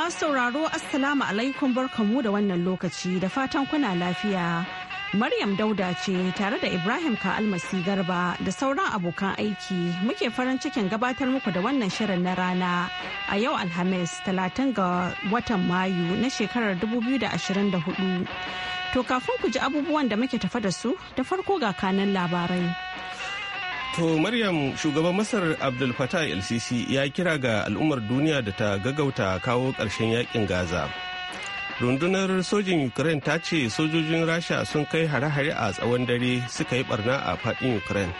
masu sauraro Assalamu alaikum barkamu da wannan lokaci da fatan kuna lafiya. Maryam Dauda ce tare da Ibrahim Ka'almasi Garba da sauran abokan aiki muke farin cikin gabatar muku da wannan shirin na rana a yau Alhamis 30 ga watan Mayu na shekarar 2024. To kafin ku ji abubuwan da muke tafa da su da farko ga kanan labarai. To Maryam shugaban Masar Abdul Fattah el ya kira ga al'ummar duniya da ta gagauta kawo ƙarshen yakin Gaza. Rundunar sojin Ukraine ta ce sojojin Rasha sun kai hare-hare a tsawon dare suka yi barna a faɗin Ukraine.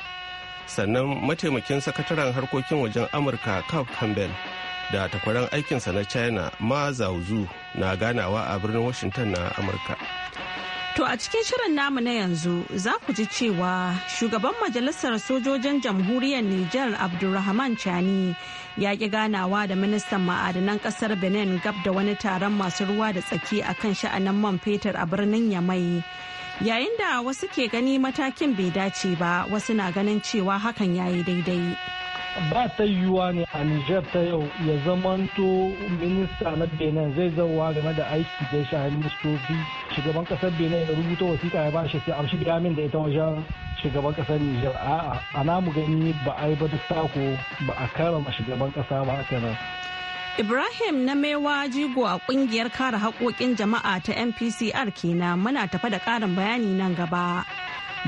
Sannan mataimakin sakataren harkokin wajen Amurka Cap Campbell da takwaran aikinsa na China Ma Zhu na ganawa a birnin Washington na Amurka. To a cikin shirin namu na yanzu za ku ji cewa shugaban majalisar sojojin jamhuriyar Nijar Abdulrahman Chani ya ƙi ganawa da ministan ma'adanan ƙasar Benin gab da wani taron masu ruwa da tsaki a kan sha'anin man fetur a birnin Yamai. Yayin da wasu ke gani matakin bai dace ba wasu na ganin cewa hakan yayi daidai. ba ta yiwuwa ne a niger ta yau ya zamanto minista na Benin zai zauwa game da aiki da shahin ministoci shugaban kasar Benin ya rubuta wasiƙa ya bashi sai amshi gamin da ita wajen shugaban kasar Nijar a'a na mu gani ba a yi ba duk tako ba a karama shugaban kasa ba haka nan. Ibrahim na mewa jigo a kungiyar kare haƙoƙin jama'a ta NPCR kenan muna tafa da ƙarin bayani nan gaba.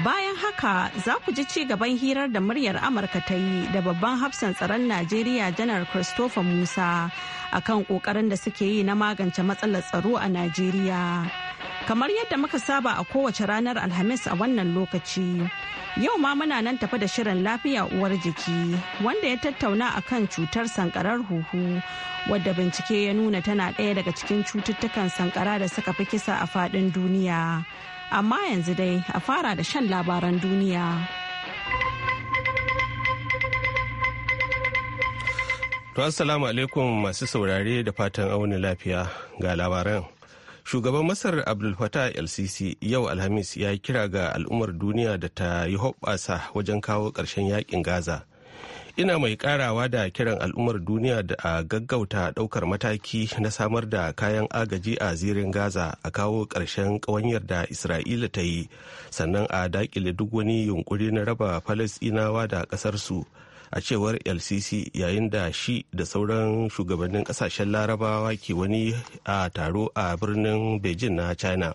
Bayan haka za ku ji ci gaban hirar da muryar Amurka ta yi da babban hafsan tsaron Najeriya janar Christopher Musa akan kokarin da suke yi na magance matsalar tsaro a Najeriya. Kamar yadda muka saba a kowace ranar Alhamis a wannan lokaci. Yau ma muna nan tafi da shirin lafiya uwar jiki wanda ya tattauna a kan cutar sankarar huhu wadda bincike ya nuna tana ɗaya daga cikin cututtukan sankara da suka fi kisa a faɗin duniya. amma yanzu dai a fara da shan labaran duniya. To assalamu alaikum masu saurare da fatan auni lafiya ga labaran. Shugaban Masar Abdul Fattah el yau Alhamis ya kira ga al'ummar duniya da ta yi hoɓɓasa wajen kawo ƙarshen yakin Gaza ina mai karawa da kiran al'ummar duniya da a gaggauta daukar mataki na samar da kayan agaji a zirin gaza a kawo ƙarshen ƙawanyar da isra'ila ta yi sannan a dakile duk wani yunkuri na raba falasinawa da ƙasarsu a cewar lcc yayin da shi da sauran shugabannin ƙasashen larabawa ke wani a taro a birnin beijing na china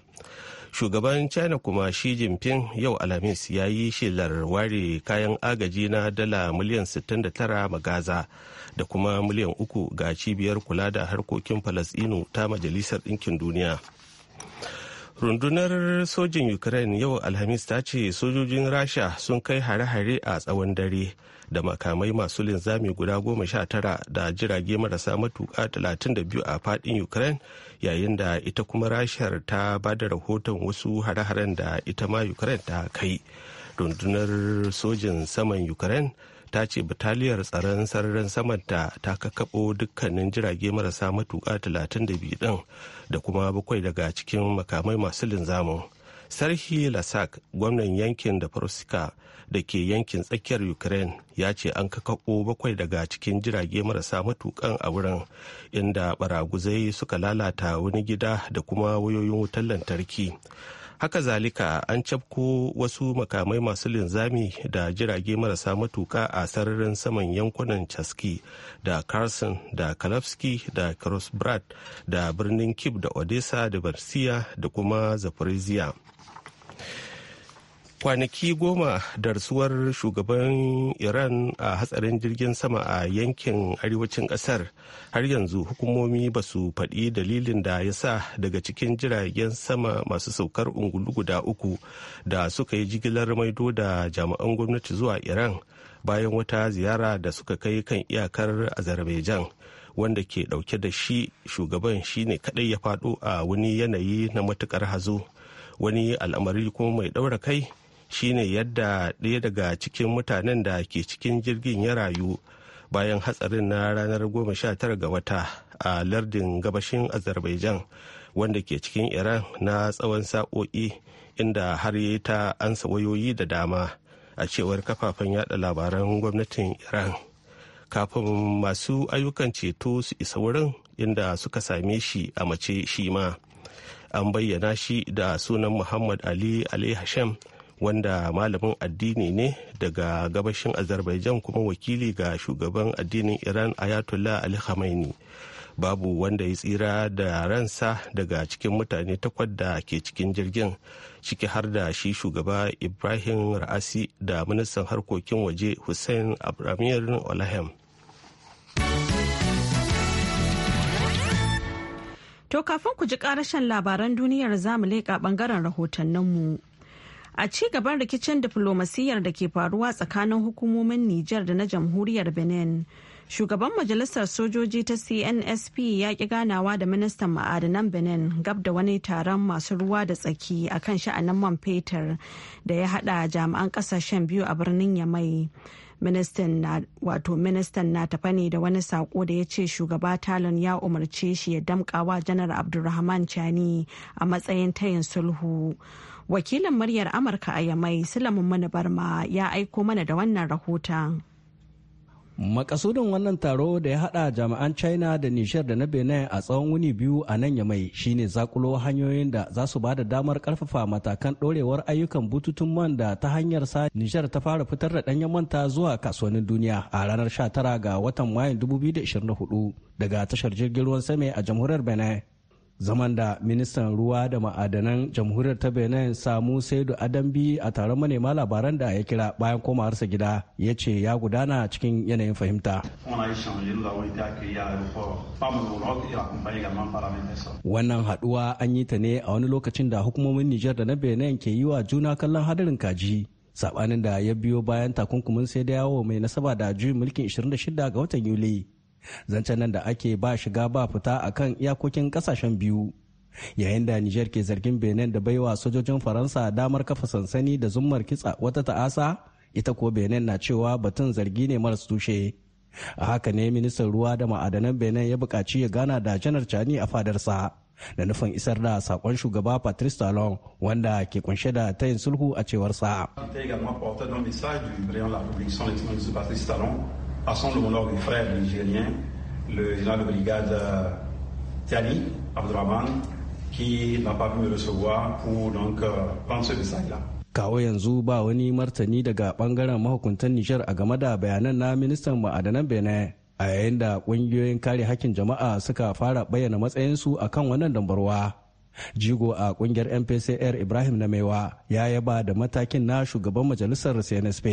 shugaban china kuma shi jinping yau alhamis ya yi shelar ware kayan agaji na dala miliyan 69 gaza da kuma miliyan uku ga cibiyar kula da harkokin falasɗinu ta majalisar ɗinkin duniya rundunar sojin ukraine yau alhamis ta ce sojojin rasha sun kai hare-hare a tsawon dare da makamai masu linzami guda goma sha tara da jirage marasa matuka talatin da biyu a fadin ukraine yayin da ita kuma rashiyar ta ba da rahoton wasu hare-haren da ita ma ukraine ta kai rundunar sojin saman ukraine ta ce bataliyar tsaron sararin samanta ta kakkaɓo dukkanin jirage marasa matuƙa 32 din da kuma bakwai daga cikin makamai masu linzamin sarhi lasak gwamnan yankin da farsika da ke yankin tsakiyar ukraine ya ce an kakako bakwai daga cikin jirage marasa matukan a wurin inda baraguzai suka lalata wani gida da kuma wayoyin wutar lantarki haka zalika an cafko wasu makamai masu linzami da jirage marasa matuka a sararin saman yankunan chaski da carson da kalafski da krosbrad da birnin kib da odessa da barsiya da kuma zaporizhia kwanaki goma da rasuwar shugaban iran a hatsarin jirgin sama a yankin arewacin kasar har yanzu hukumomi ba su faɗi dalilin da ya sa daga cikin jiragen sama masu saukar ungulu guda uku da suka yi jigilar maido da jami'an gwamnati zuwa iran bayan wata ziyara da suka kai kan iyakar azerbaijan wanda ke dauke da shi shugaban shine kadai ya faɗo a wani yanayi na matukar hazo wani al'amari kuma mai ɗaura kai shine yadda ɗaya daga cikin mutanen da ke cikin jirgin ya rayu bayan hatsarin na ranar 19 ga wata a lardin gabashin azerbaijan wanda ke cikin iran na tsawon sa'o'i inda har yi ta ansa wayoyi da dama a cewar kafafen yada labaran gwamnatin iran kafin masu ayyukan ceto su isa wurin inda suka same shi a mace shi ma an bayyana shi da sunan muhammad ali ali hashem wanda malamin addini ne daga gabashin azerbaijan kuma wakili ga shugaban addinin iran ayatollah ali khamenei babu wanda ya tsira da ransa daga cikin mutane takwas da ke cikin jirgin ciki har da shi shugaba ibrahim ra'asi da ministan harkokin waje hussein abramir olahem to kafin ku ji karashen labaran duniyar zamu leƙa ɓangaren rahotanninmu. mu A ci gaban rikicin diflomasiyyar da ke faruwa tsakanin hukumomin Nijar da na jamhuriyar Benin. Shugaban Majalisar Sojoji ta CNSP ya ki ganawa da ministan ma'adanan Benin gab da wani taron masu ruwa da tsaki a kan sha'anin man fetur da ya haɗa jami'an ƙasashen biyu a birnin Yamai. ministan na wato ministan na tafa ne da wani sako da ya ce shugaba talon ya umarce shi ya damƙawa janar abdulrahman chani a matsayin tayin sulhu wakilin muryar amurka a yamai sulamin mana barma ya aiko mana da wannan rahoton makasudin wannan taro da ya hada jami'an china da nishar da na benin a tsawon wuni biyu a nan yamai shine zakulo hanyoyin da za su bada damar karfafa matakan dorewar ayyukan bututun man da ta hanyar sa nishar ta fara fitar da danyen manta zuwa kasuwannin duniya a ranar 19 ga watan mayun 2024 daga tashar jirgin ruwan sama a jamhuriyar benin zaman da ministan ruwa da ma'adanan jamhuriyar ta benin samu saidu adambi a taron manema labaran da ya kira bayan komawarsa gida ya ce ya gudana cikin yanayin fahimta wannan haduwa an yi ta ne a wani lokacin da hukumomin nijar da na benin ke yi wa juna kallon hadarin kaji sabanin da ya biyo bayan takunkumin sai da yawo mai nasaba da juyin mulkin 26 ga watan yuli zancen nan da ake ba shiga ba fita a kan iyakokin kasashen biyu yayin da niger ke zargin benin da baiwa sojojin faransa damar kafa sansani da zummar kitsa wata ta'asa ita ko benin na cewa batun zargi ne maras tushe a haka ne ministan ruwa da ma'adanan benin ya bukaci ya gana da janar cani a fadarsa da nufin isar da sakon shugaba patrice talon wanda ke kunshe da tayin sulhu a cewar sa à son homologue frère nigérien, le général de brigade euh, Tiani Abdraman, qui n'a pas pu me recevoir pour donc euh, prendre ce message-là. kawo yanzu ba wani martani daga bangaren mahukuntan Nijar a game da bayanan na ministan ma'adanan Benin a yayin da kungiyoyin kare hakkin jama'a suka fara bayyana matsayinsu a kan wannan dambarwa. jigo a kungiyar mpcr ibrahim na maiwa ya yaba da matakin na shugaban majalisar cnsp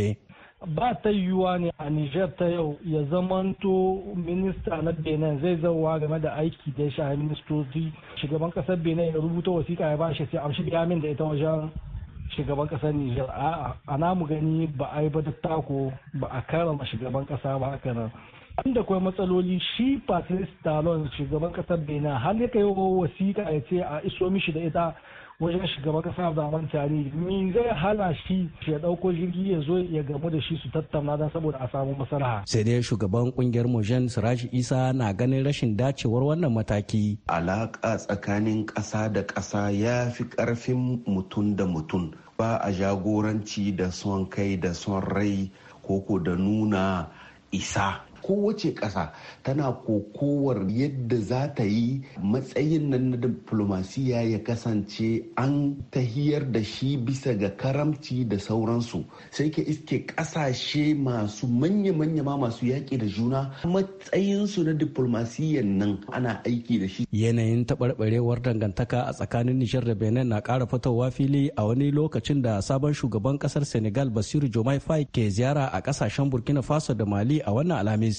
ba ta yiwuwa ne a Nijar ta yau ya zamanto minista na Benin zai zauwa game da aiki da ya sha ministoci shugaban kasar Benin ya rubuta wasiƙa ya bashi sai amshi biya min da ita wajen shugaban kasar Nijar a'a na mu gani ba a yi ba tako ba a ma shugaban kasa ba haka nan inda kuma matsaloli shi Patrice Talon shugaban kasar Benin har ya kai wasiƙa ya ce a iso mishi da ita wajen shugaban kasa Abdulrahman Tare me zai hana shi ya dauko jirgi ya zo ya gamu da shi su tattauna dan saboda a samu maslaha sai dai shugaban kungiyar Mojen Siraji Isa na ganin rashin dacewar wannan mataki alaka tsakanin kasa da kasa ya fi karfin mutum da mutum ba a jagoranci da son kai da son rai koko da nuna isa kowace ƙasa tana kokowar yadda za ta yi matsayin nan na diplomasiya ya kasance an tahiyar da shi bisa ga karamci da sauransu sai ke iske ƙasashe masu manya-manya ma masu yaƙi da juna matsayinsu na diplomasiyan nan ana aiki da shi yanayin taɓarɓarewar dangantaka a tsakanin nishar da benin na ƙara fitowa fili a wani lokacin da sabon shugaban ƙasar senegal basiru jomai fai ke ziyara a ƙasashen burkina faso da mali a wannan alhamis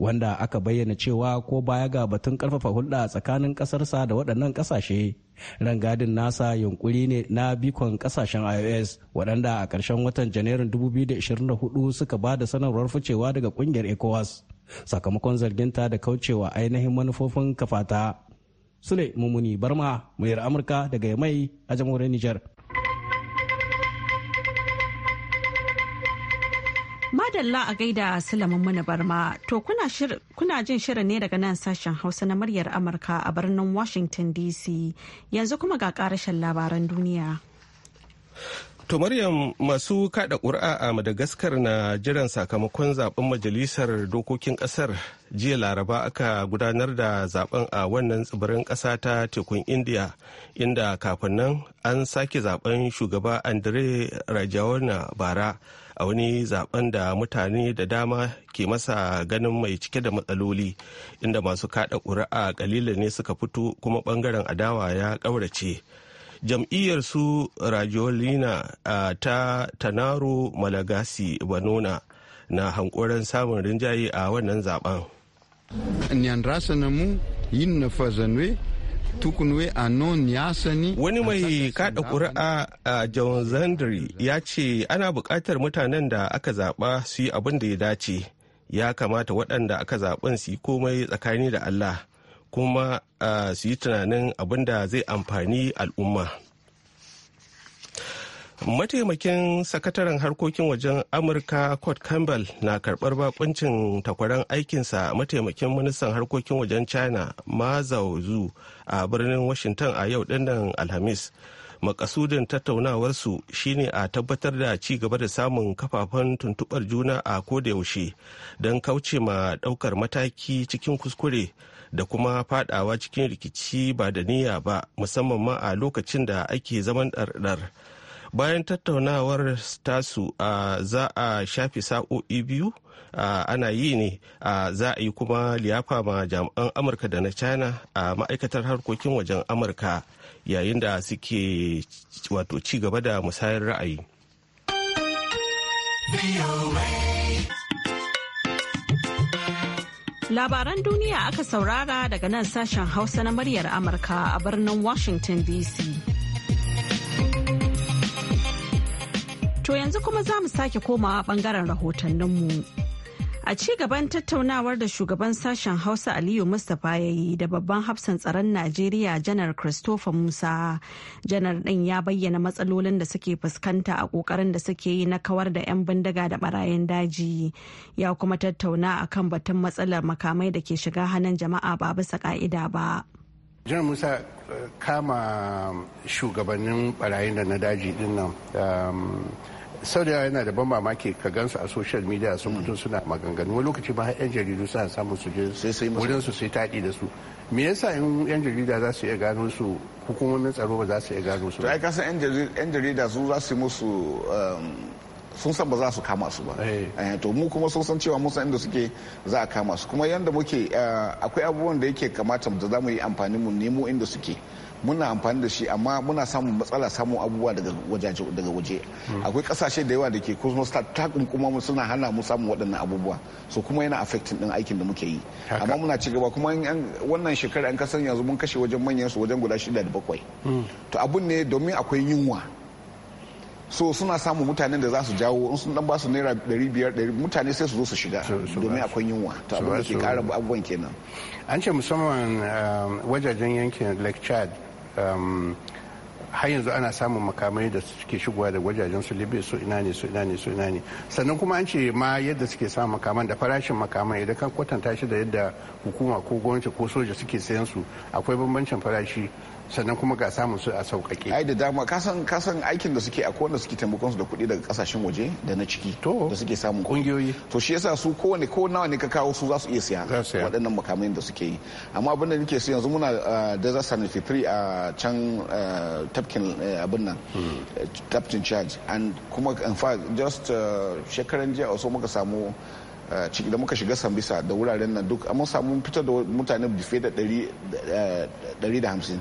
wanda aka bayyana cewa ko baya ga batun karfafa hulɗa tsakanin ƙasarsa da waɗannan ƙasashe rangadin nasa yunkuri ne na bikon ƙasashen ios waɗanda a ƙarshen watan janairun 2024 suka ba da sanarwar ficewa daga ƙungiyar ecowas sakamakon zargin ta da kaucewa ainihin manufofin kafata sule mummuni barma muryar amurka daga mai a jamhuriyar nijar. madalla a gaida Sulaiman mana barma to kuna jin shirin ne daga nan sashen hausa na muryar amurka a birnin washington dc yanzu kuma ga karashen labaran duniya to maryam masu kada ƙuri'a a madagaskar na jiran sakamakon zaben majalisar dokokin ƙasar jiya laraba aka gudanar da zaben a wannan tsibirin ƙasa ta tekun india inda kafin nan an sake zaben shugaba andre rajawana bara a wani zaben da mutane da dama ke masa ganin mai cike da matsaloli inda masu kada ƙuri'a kalilan ne suka fito kuma bangaren adawa ya ƙaurace jam'iyyar su rajolina ta tanaro malagasi banona na hankoran samun rinjaye a wannan zaben. yin na fazanwe tukunwe a non ya sani wani mai kada kuri'a a john zandri ya ce ana bukatar mutanen da aka zaɓa su yi abin da ya dace ya kamata waɗanda aka zaɓen su yi komai tsakani da allah kuma su yi tunanin abin da zai amfani al'umma mataimakin sakataren harkokin wajen amurka kurt campbell na karbar bakuncin takwaran aikinsa mataimakin ministan harkokin wajen china ma zu a birnin washington a yau dinnan alhamis makasudin tattaunawarsu shine a tabbatar da ci gaba da samun kafafen tuntubar juna a yaushe don kauce ma daukar mataki cikin kuskure da kuma fadawa cikin rikici ba da niyya ba musamman ma a lokacin da ake zaman ɗarɗar. bayan tattaunawar tasu za a shafi sa'o'i biyu ana yi ne za a yi kuma liyafa ma jami'an amurka da na china a ma'aikatar harkokin wajen amurka yayin da suke wato ci gaba da musayar ra'ayi labaran duniya aka saurara daga nan sashen hausa na muryar amurka a birnin washington dc To yanzu kuma za mu sake komawa bangaren rahotanninmu. A ci gaban tattaunawar da shugaban sashen Hausa Aliyu Mustapha ya yi da babban hafsan tsaron Najeriya Janar Christopher Musa. Janar ɗin ya bayyana matsalolin da suke fuskanta a ƙoƙarin da suke yi na kawar da 'yan bindiga da barayin daji. Ya kuma tattauna a kan batun matsalar makamai da ke shiga hannun jama'a ba bisa ka'ida ba. janar musa eh, kama shugabannin barayin da na daji din sau da yana da ban mamaki ka gansu a social media sun fito suna maganganu wani lokaci ba yan jaridu suna samun su je wurin su sai taɗi da su me yasa in yan jarida za su iya gano su hukumomin tsaro ba za su iya gano su to ai kasan yan jarida su za su musu um, sun san ba za su kama su ba eh. Eh, to mu kuma sun san cewa mun san inda suke za a kama su kuma yanda muke eh, akwai abubuwan da yake kamata da za mu yi amfani mu nemo inda suke muna amfani da shi amma muna samun matsala samun abubuwa daga wajaje daga waje hmm. akwai kasashe da yawa da ke kuma start ta kuma mu suna hana mu samun waɗannan abubuwa so kuma yana affecting din aikin da muke yi amma muna ci gaba kuma wannan shekara an kasan yanzu mun kashe wajen manyan su wajen guda shida da bakwai hmm. to abun ne domin akwai yunwa so suna samun mutanen da za su jawo in sun dan ba su naira 500 mutane sai su zo su shiga domin akwai yunwa to abin da ke kara abubuwan kenan an ce musamman um, wajajen yankin lake chad Um, har yanzu ana samun makamai da suke shigowa da wajajen su libya su ina ne su ina ne su ina ne sannan kuma an ce ma yadda suke samun makaman da farashin makamai idan kan kwatanta shi da yadda hukuma ko gwamnati ko soja suke sayan su akwai bambancin farashi sannan kuma ga samun su a sauƙaƙe ai da dama kasan kasan aikin da suke akwai wanda suke taimakon su da kuɗi daga kasashen waje da na ciki to da suke samun kungiyoyi to shi yasa su kowane ko nawa ne ka kawo su za su iya siya waɗannan makamai da suke yi amma abin da nake so yanzu muna eh, desert sanitary 3 a can eh, tafkin eh, abin nan hmm. tafkin charge and kuma in fact just shekaran jiya so muka samu ciki da muka shiga sambisa da wuraren nan duk amma samu fitar da mutane fiye da 150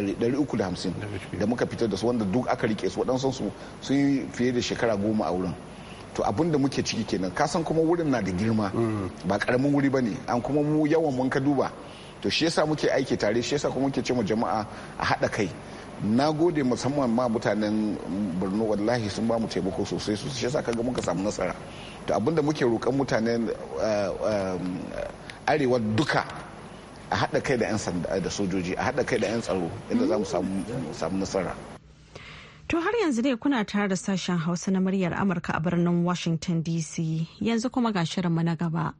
350 da muka fitar da su wanda duk aka rike su waɗansu su sun yi fiye da shekara goma a wurin to abin da muke ciki kenan kasan kuma wurin na da girma mm. ba karamin wuri ba ne an kuma mu yawan mun ka duba to shi yasa muke aiki tare shi yasa kuma muke ce mu jama'a a haɗa kai na gode musamman ma mutanen borno wallahi sun ba mu taimako sosai sosai shi yasa kaga muka samu nasara to abin da muke roƙon mutanen eh, eh, arewa duka a haɗa kai da 'yan da sojoji a haɗa kai da 'yan tsaro inda za mu samu nasara To har yanzu dai kuna tare da sashen Hausa na muryar Amurka a birnin Washington DC yanzu kuma ga shirinmu na gaba.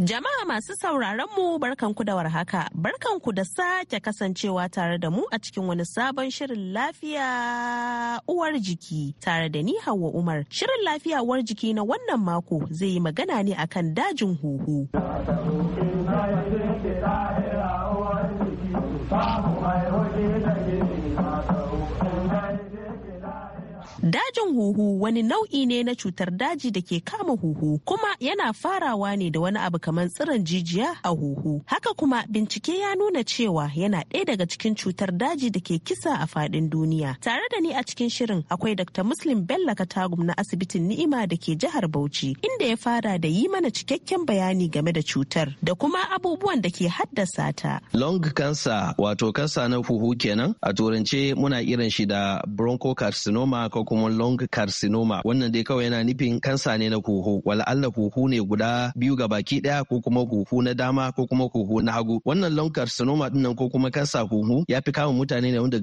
Jama'a masu sauraron mu barkanku da warhaka, barkanku da sake kasancewa tare da mu a cikin wani sabon shirin lafiya uwar jiki tare da ni Hauwa Umar. Shirin lafiya uwar jiki na wannan mako zai yi magana ne akan dajin huhu. Dajin huhu wani nau'i ne na cutar daji da ke kama huhu kuma yana farawa ne da wani abu kamar tsiron jijiya a huhu. Haka kuma bincike ya nuna cewa yana ɗaya daga cikin cutar daji da ke kisa a faɗin duniya. Tare da ni a cikin shirin akwai Dr. Muslim Bello Katagum na asibitin Ni'ima da ke jihar Bauchi inda ya fara da yi mana cikakken bayani game da cutar da kuma abubuwan da ke haddasa ta. Lung cancer wato kansa na huhu kenan a turance muna irin shi da bronchocarcinoma ko kuma long carcinoma wannan dai kawai yana nufin kansa ne na huhu wala'alla huhu ne guda biyu ga baki daya ko kuma huhu na dama ko kuma huhu na hagu wannan long carcinoma din ko kuma kansa huhu ya fi kama mutane ne wanda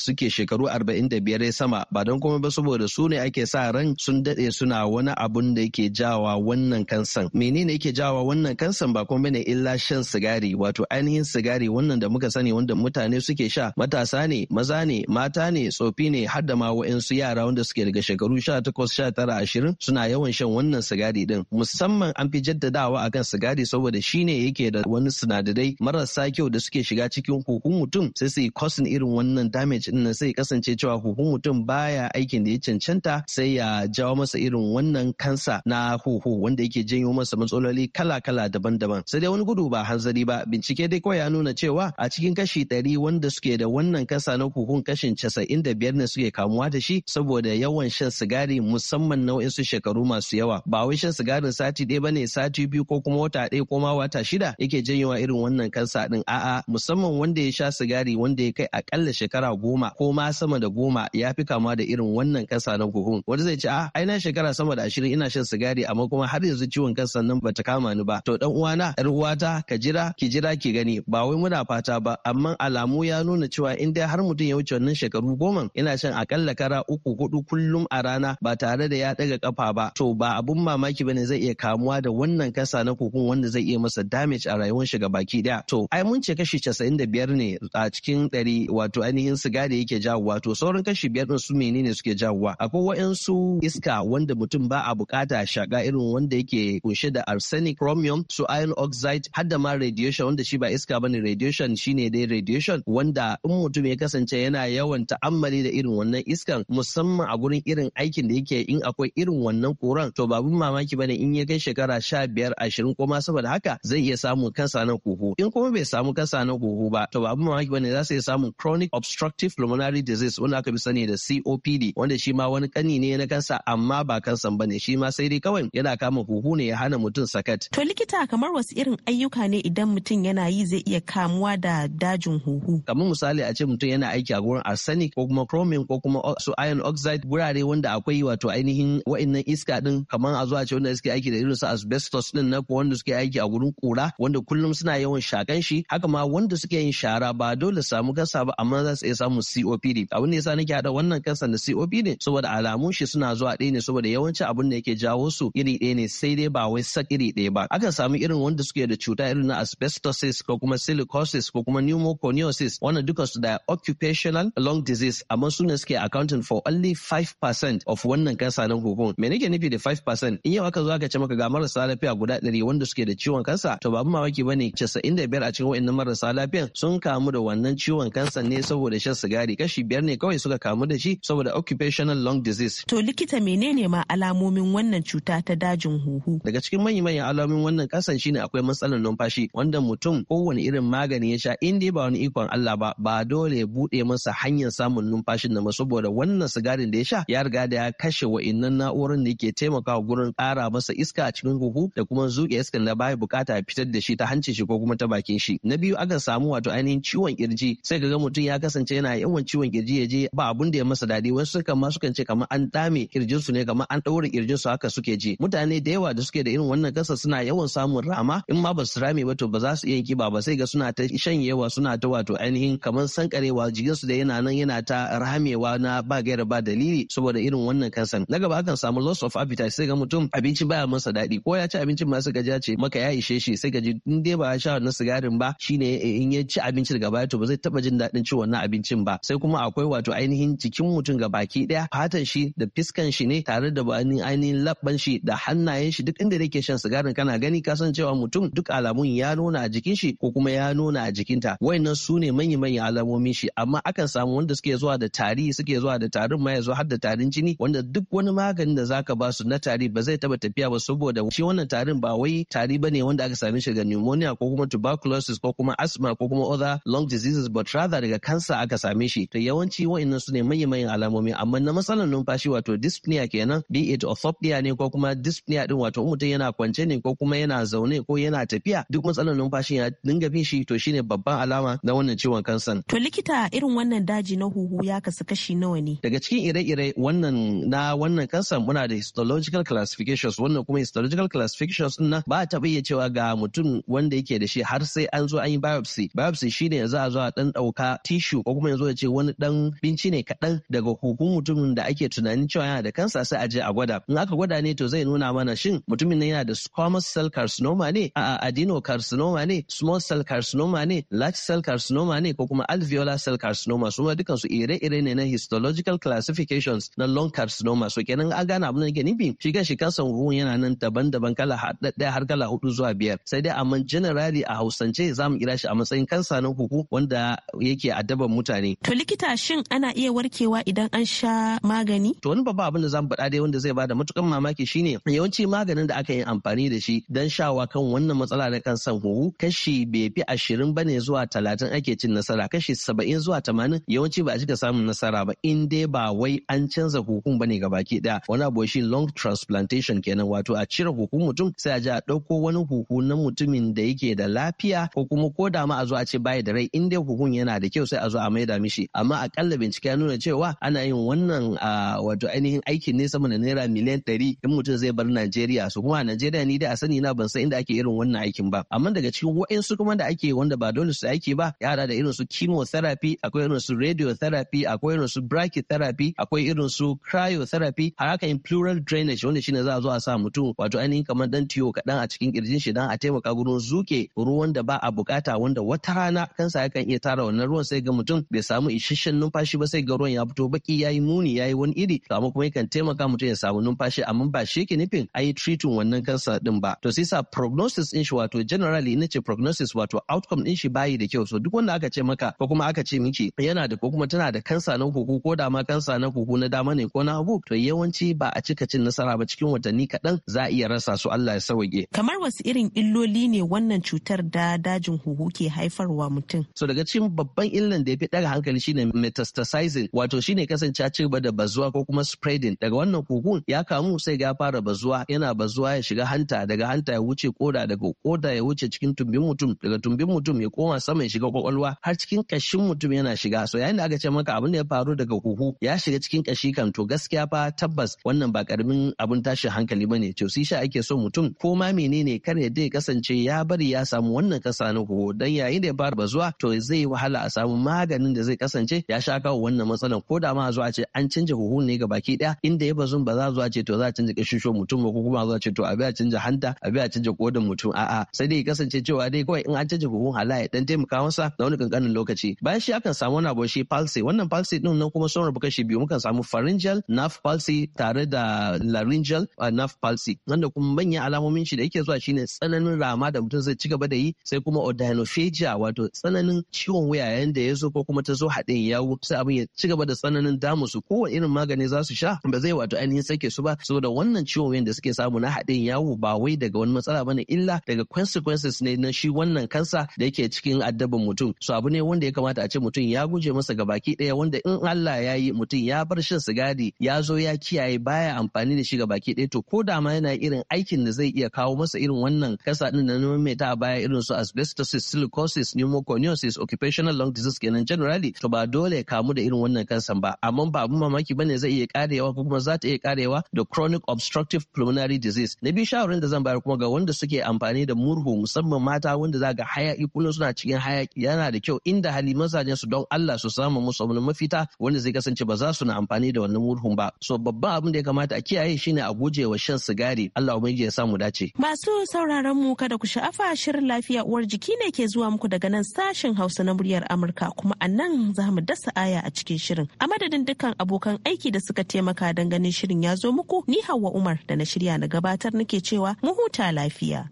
suke shekaru 45 sama ba don kuma ba saboda su ne ake sa ran sun dade suna wani abun da yake jawa wannan kansan menene yake jawa wannan kansan ba kuma ne illa shan sigari wato ainihin sigari wannan da muka sani wanda mutane suke sha matasa ne maza ne mata ne tsofi ne har da ma wa'insu yara wanda suke daga shekaru 18 19 suna yawan shan wannan sigari din musamman an fi jaddadawa akan sigari saboda shi ne yake da wani sinadarai marasa kyau da suke shiga cikin huhun mutum sai su yi irin wannan damage din sai kasance cewa huhun mutum baya aikin da ya cancanta sai ya jawo masa irin wannan kansa na huhu wanda yake janyo masa matsaloli kala-kala daban-daban sai dai wani gudu ba hanzari ba bincike dai kawai ya nuna cewa a cikin kashi ɗari wanda suke da wannan kasa na huhun kashin 95 ne suke kamuwa da shi saboda saboda yawan shan sigari musamman nau'in su shekaru masu yawa ba wai shan sigarin sati ɗaya bane sati biyu ko kuma wata ɗaya ko ma wata shida yake janyowa irin wannan kansa din a'a musamman wanda ya sha sigari wanda ya kai akalla shekara goma ko ma sama da goma ya fi kama da irin wannan kansa na huhun wanda zai ce a ai na shekara sama da ashirin ina shan sigari amma kuma har yanzu ciwon kansa nan ba ta kama ni ba to dan uwana yar uwata ka jira ki jira ki gani ba wai muna fata ba amma alamu ya nuna cewa in dai har mutum ya wuce wannan shekaru goma ina shan akalla kara uku hudu kullum a rana ba tare da ya daga kafa ba to ba abun mamaki bane zai iya kamuwa da wannan kasa na kokon wanda zai iya masa damage a rayuwar shi baki daya to ai mun ce kashi 95 ne a cikin 100 wato ainihin sigari yake jawo. Wato sauran kashi biyar din su menene suke jawowa akwai wa'ansu iska wanda mutum ba a bukata shaka irin wanda yake kunshe da arsenic chromium su iron oxide har da ma radiation wanda shi ba iska bane radiation shine dai radiation wanda in mutum ya kasance yana yawan ta'ammali da irin wannan iskan musamman musamman a gurin irin aikin da yake in akwai irin wannan koran to babun mamaki bane in ya kai shekara sha biyar ashirin ko ma saboda haka zai iya samun kansa na huhu in kuma bai samu kansa na huhu ba to babun mamaki bane za su iya samun chronic obstructive pulmonary disease wanda aka fi sani da COPD wanda shi ma wani kani ne na kansa amma ba kansan bane shi ma sai dai kawai yana kama huhu ne ya hana mutum sakat to likita kamar wasu irin ayyuka ne idan mutum yana yi zai iya kamuwa da dajin huhu kamar misali a ce mutum yana aiki a gurin arsenic ko kuma chromium ko kuma su iron oxide site wurare wanda akwai wato ainihin wa'annan iska din kamar a zuwa ce wanda suke aiki da irin su asbestos din na wanda suke aiki a gurin kura wanda kullum suna yawan shakan shi haka ma wanda suke yin shara ba dole samu kasa ba amma za su iya samun COPD abin da yasa nake hada wannan kansa da COPD saboda alamun shi suna zuwa ɗaya ne saboda yawanci abin da yake jawo su iri ɗaya ne sai dai ba wai sak iri ɗaya ba akan samu irin wanda suke da cuta irin na asbestosis ko kuma silicosis ko kuma pneumoconiosis wannan duka su da occupational lung disease amma su ne suke accounting for only 5% of wannan kansa na hugu me nake nufi da 5% in yau aka zo aka ce maka ga marasa lafiya guda ɗari, wanda suke da ciwon kansa to ba mamaki bane 95 a cikin wayannan marasa lafiyan sun kamu da wannan ciwon kansa ne saboda shan sigari kashi biyar ne kawai suka kamu da shi saboda occupational lung disease to likita menene ma alamomin wannan cuta ta dajin huhu daga cikin manyan manyan alamomin wannan kansa shine akwai matsalar numfashi wanda mutum kowane irin magani ya sha in dai ba wani ikon Allah ba ba dole ya bude masa hanyar samun numfashin ma saboda wannan sigari tsarin da ya sha ya riga da ya kashe wa'innan na'urorin da ke taimakawa gurin ƙara masa iska a cikin huhu da kuma zuke iskan da baya bukata a fitar da shi ta hanci shi ko kuma ta bakin shi na biyu aka samu wato ainihin ciwon kirji sai ga mutum ya kasance yana yawan ciwon kirji ya je ba abun da ya masa dadi wasu sukan ma sukan ce kamar an dame kirjin su ne kamar an ɗaure kirjin su haka suke ji mutane da yawa da suke da irin wannan kasa suna yawan samun rama in ma ba su rame ba to ba za su iya kiba ba sai ga suna ta shanyewa suna ta wato ainihin kamar sankarewa jikinsu da yana nan yana ta ramewa na ba gaira ba dalili saboda irin wannan kansan na gaba akan samu loss of appetite sai ga mutum abinci baya masa daɗi ko ya ci abincin masu gajiya ce maka ya ishe shi sai gaji in dai ba ya sha wannan sigarin ba shine in ya ci abinci daga baya to ba zai taba jin daɗin ci wannan abincin ba sai kuma akwai wato ainihin jikin mutum ga baki ɗaya fatan shi da fiskan shi ne tare da ainihin labban shi da hannayen shi duk inda yake shan sigarin kana gani ka cewa mutum duk alamun ya nuna a jikin shi ko kuma ya nuna a jikinta wayannan su ne manya-manyan alamomin shi amma akan samu wanda suke zuwa da tari suke zuwa da tarin ma yanzu har da tarin jini wanda duk wani maganin da zaka ba su na tari ba zai taba tafiya ba saboda shi wannan tarin ba wai tari bane wanda aka same shi daga pneumonia ko kuma tuberculosis ko kuma asthma ko kuma other lung diseases but rather daga kansa aka same shi to yawanci wa'annan su ne manya-manyan alamomi amma na matsalar numfashi wato dyspnea kenan be it orthopnea ne ko kuma dyspnea din wato mutum yana kwance ne ko kuma yana zaune ko yana tafiya duk matsalar numfashi ya dinga bin shi to shine babban alama na wannan ciwon kansan to likita irin wannan daji na huhu ya kasu kashi nawa ne daga cikin ire-ire wannan na wannan kansan muna da histological classifications wannan kuma histological classifications na ba ta iya cewa ga mutum wanda yake da shi har sai an zo an yi biopsy biopsy shine yanzu a zo a dan dauka tissue ko kuma yanzu ya ce wani dan binci ne kadan daga hukun mutumin da ake tunanin cewa yana da kansa sai a je a gwada in aka gwada ne to zai nuna mana shin mutumin nan yana da squamous cell carcinoma ne a adenocarcinoma ne small cell carcinoma ne large cell carcinoma ne ko kuma alveolar cell carcinoma su ma dukansu ire-ire ne na histological classification classifications na lung carcinoma so kenan a gane abin da ke nufi shi kan shi kansan huhun yana nan daban-daban kala ɗaya har kala hudu zuwa biyar sai dai amma generally a hausance za mu kira shi a matsayin kansa na huhu wanda yake addaban mutane. To likita shin ana iya warkewa idan an sha magani? To wani babba abin da zamu bada faɗa dai wanda zai bada matukan mamaki shine yawanci maganin da aka yi amfani da shi dan shawa kan wannan matsala na kansan huhu kashi bai fi ashirin bane zuwa talatin ake cin nasara kashi saba'in zuwa tamanin yawanci ba a cika samun nasara ba in dai ba wai wai an canza huhun bane ga baki daya wani abu shi long transplantation kenan wato a cire huhun mutum sai a ji a ɗauko wani huhu na mutumin da yake da lafiya ko kuma ko da ma a zo a ce baya da rai in dai huhun yana da kyau sai a zo a maida mishi amma akalla bincike ya nuna cewa ana yin wannan wato ainihin aikin ne sama da naira miliyan ɗari in mutum zai bar Najeriya su kuma a Najeriya ni dai a sani na ban san inda ake irin wannan aikin ba amma daga cikin wa'insu kuma da ake wanda ba dole su aiki ba yara da irin su chemotherapy akwai irin su radiotherapy akwai irin su brachytherapy akwai irin su cryotherapy har haka in pleural drainage wanda shine za a zo a sa mutum wato ainihin kamar dan tiyo kaɗan a cikin kirjin shi dan a taimaka gurin zuke ruwan da ba a bukata wanda wata rana kansa yakan iya tara wannan ruwan sai ga mutum bai samu isasshen numfashi ba sai ga ruwan ya fito baki yayi muni yayi wani iri to amma kuma yakan taimaka mutum ya samu numfashi amma ba shi yake nufin ayi treating wannan kansa din ba to sai sa prognosis din shi wato generally ina ce prognosis wato outcome din shi bayi da kyau so duk wanda aka ce maka ko kuma aka ce miki yana da ko kuma tana da kansa na huhu ko da ma kansa na huhu na dama ne ko na abu to yawanci ba a cika cin nasara ba cikin watanni kaɗan za a iya rasa su Allah ya sauke. Kamar wasu irin illoli ne wannan cutar da dajin huhu ke haifarwa mutum. So daga cikin babban illan da ya fi ɗaga hankali shine metastasizing wato shine kasance ci gaba da bazuwa ko kuma spreading daga wannan huhun ya kamu sai ga fara bazuwa yana bazuwa ya shiga hanta daga hanta ya wuce koda daga koda ya wuce cikin tumbin mutum daga tumbin mutum ya koma sama ya shiga kwakwalwa har cikin kashin mutum yana shiga so yayin da aka ce maka abin da ya faru daga huhu ya shiga shiga cikin kashi kan to gaskiya fa tabbas wannan ba karamin abun tashin hankali bane to sai sha ake so mutum ko ma menene kar ya dai kasance ya bari ya samu wannan kasa na ko dan yayin da ya fara bazuwa to zai wahala a samu maganin da zai kasance ya sha kawo wannan matsalan ko da ma zuwa ce an canja huhu ne ga baki daya inda ya bazun ba za zuwa ce to za a canja kashusho mutum ko kuma za a ce to a biya canja hanta a biya canja kodan mutum a'a sai dai kasance cewa dai kawai in an canja huhu hala ya dan taimaka masa da wani kankanin lokaci bayan shi akan samu wani abu shi palsy wannan palsy din nan kuma sun rubuka shi biyu mukan samu pharyngeal nerve palsy tare da laryngeal uh, nerve palsy wanda kuma manyan alamomin shi da yake zuwa shine tsananin rama da mutum zai ci gaba da yi sai kuma odynophagia wato tsananin ciwon wuya yayin da ya zo ko kuma ta zo haɗin yawo sai abin ya cigaba da tsananin damu su kowane irin magani za su sha ba zai wato ainihin sake su ba saboda wannan ciwon wuyan da suke samu na haɗin yawo ba wai daga wani matsala bane illa daga consequences ne na shi wannan kansa da yake cikin addabin mutum so abu ne wanda ya kamata a ce mutum ya guje masa gabaki ɗaya wanda in Allah ya yi mutum ya bar shan sigari ya zo ya kiyaye baya amfani da shi ga baki ɗaya to ko da ma yana irin aikin da zai iya kawo masa irin wannan kasa din da mai ta baya irin su asbestosis silicosis pneumoconiosis occupational lung disease kenan generally to ba dole ya kamu da irin wannan kansan ba amma ba abun mamaki bane zai iya karewa ko kuma za ta iya karewa da chronic obstructive pulmonary disease na biyu shawarin da zan bayar kuma ga wanda suke amfani da murhu musamman mata wanda za ga hayaki kullum suna cikin hayaki yana da kyau inda hali mazajen su don Allah su samu musu mafita wanda zai kasance ba za su suna amfani da wannan murhun ba so babban abin da ya kamata a kiyaye shine a guje wa shan sigari Allah ubangiji ya samu dace masu sauraron mu kada ku sha'afa shirin lafiya uwar jiki ne ke zuwa muku daga nan sashin Hausa na muryar Amurka kuma a nan za mu dasa aya a cikin shirin a madadin dukkan abokan aiki da suka taimaka don ganin shirin ya zo muku ni Hauwa Umar da na shirya na gabatar nake cewa mu huta lafiya.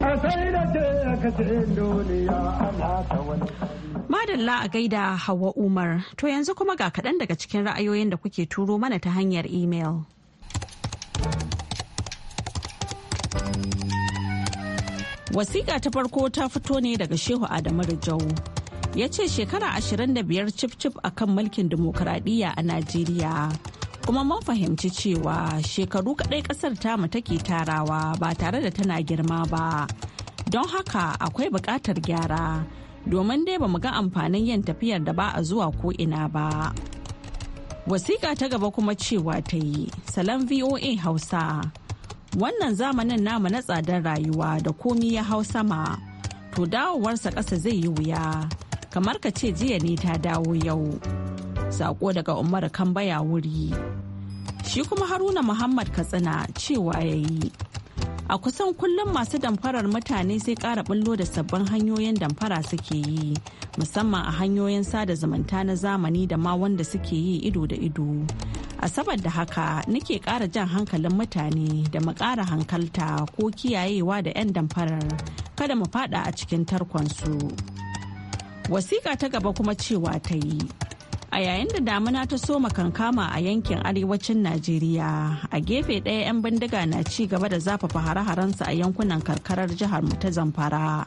Madalla a gaida Hawa Umar, to yanzu kuma ga kaɗan daga cikin ra'ayoyin da kuke turo mana ta hanyar imel. Wasiƙa ta farko ta fito ne daga Shehu Adamu Rijau. Ya ce shekara ashirin da biyar cif-cif a kan mulkin dimokuraɗiyya a Najeriya. Kuma mun fahimci cewa shekaru kaɗai ƙasar tamu take tarawa ba tare da tana girma ba. don haka akwai buƙatar gyara domin dai ba mu ga amfanin yin tafiyar da ba a zuwa ko ina ba wasiƙa ta gaba kuma cewa ta yi salon voa hausa wannan zamanin namu na tsadar rayuwa da komi ya hau sama to dawowarsa ƙasa zai yi wuya kamar ka ce jiya ne ta dawo yau sako daga umar kambaya wuri shi kuma haruna muhammad katsina cewa ya yi a kusan kullum masu damfarar mutane sai kara bullo da sabbin hanyoyin damfara suke yi musamman a hanyoyin sada zumunta na zamani da ma wanda suke yi ido da ido a da haka nake kara jan hankalin mutane da mu kara hankalta ko kiyayewa da 'yan damfarar kada mu fada a cikin tarkon su. wasiƙa ta gaba kuma cewa ta yi a yayin da damuna ta soma kankama a yankin arewacin najeriya a gefe ɗaya 'yan bindiga na ci gaba da zafafa hare-harensu a yankunan karkarar jihar mu ta zamfara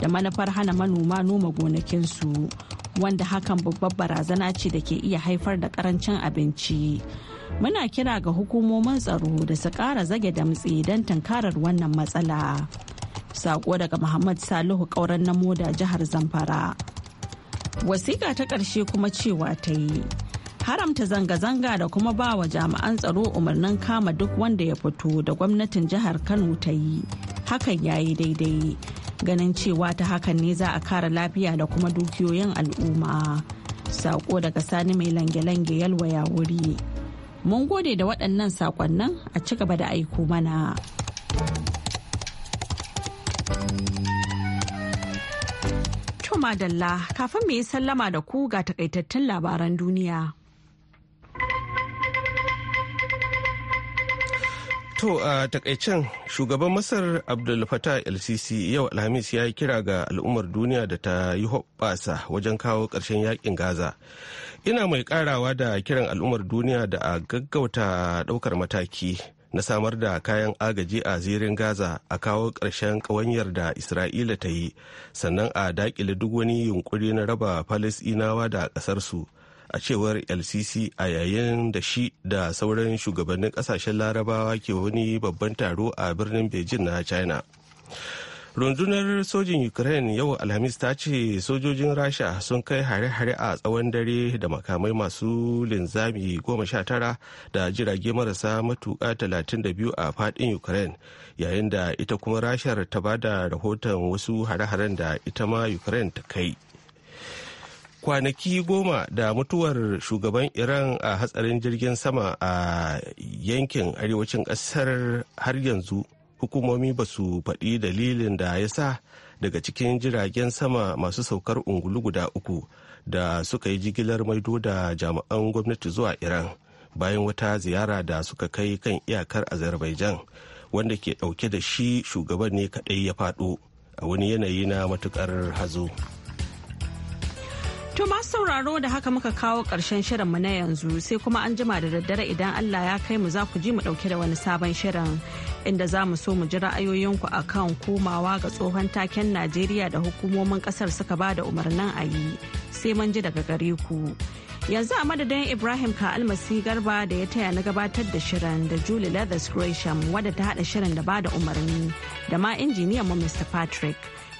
da manufar hana manoma noma gonakinsu wanda hakan babbar barazana ce da ke iya haifar da karancin abinci muna kira ga hukumomin tsaro da su ƙara zage damtse don tunkarar wannan matsala sako daga muhammad salihu ƙauren na moda jihar zamfara Wasiƙa ta ƙarshe kuma cewa ta yi. haramta zanga-zanga da kuma ba wa jami'an tsaro umarnin kama duk wanda ya fito da gwamnatin jihar kano ta yi hakan ya yi daidai ganin cewa ta hakan ne za a kare lafiya da kuma dukiyoyin al'umma sako daga sani mai lange-lange yalwa ya wuri mun gode da waɗannan sakonnan a ci gaba da aiko mana. madalla kafin mu yi sallama da ku ga takaitattun labaran duniya. To a takaicen shugaban Masar Abdul Fattah El-Sisi yau Alhamis ya yi kira ga al'ummar duniya da ta yi hoɓɓasa wajen kawo ƙarshen yakin Gaza. Ina mai ƙarawa da kiran al'ummar duniya da a gaggauta ɗaukar mataki. na samar da kayan agaji a zirin gaza a kawo ƙarshen ƙawanyar da isra'ila ta yi sannan a dakile duk wani yunkuri na raba falisinawa da ƙasarsu a cewar lcc a yayin da shi da sauran shugabannin ƙasashen larabawa ke wani babban taro a birnin beijing na china rundunar sojin ukraine yau alhamis ta ce sojojin rasha sun kai hare-hare a tsawon dare da makamai masu linzami goma sha tara da jirage marasa matuka 32 a fadin ukraine yayin da ita kuma rashar ta ba da rahoton wasu hare-haren da ita ma ukraine ta kai kwanaki goma da mutuwar shugaban iran a hatsarin jirgin sama a yankin arewacin kasar har yanzu hukumomi ba su faɗi dalilin da ya sa daga cikin jiragen sama masu saukar ungulu guda uku da suka yi jigilar maido da jami'an gwamnati zuwa iran bayan wata ziyara da suka kai kan iyakar azerbaijan wanda ke ɗauke da shi shugaban ne kaɗai ya faɗo a wani yanayi na matukar hazo. To masu sauraro da haka muka kawo ƙarshen mu na yanzu sai kuma an jima da daddare idan Allah ya kai mu za ku ji mu ɗauke da wani sabon shirin inda za mu so mu ji ra'ayoyinku a kan komawa ga tsohon taken Najeriya da hukumomin ƙasar suka ba da umarnin a yi sai mun ji daga gare ku. Yanzu a madadin Ibrahim ka almasi garba da ya taya na gabatar da shirin da Julie Leathers Gresham wadda ta haɗa shirin da ba da umarni da ma injiniyan mu Mr. Patrick.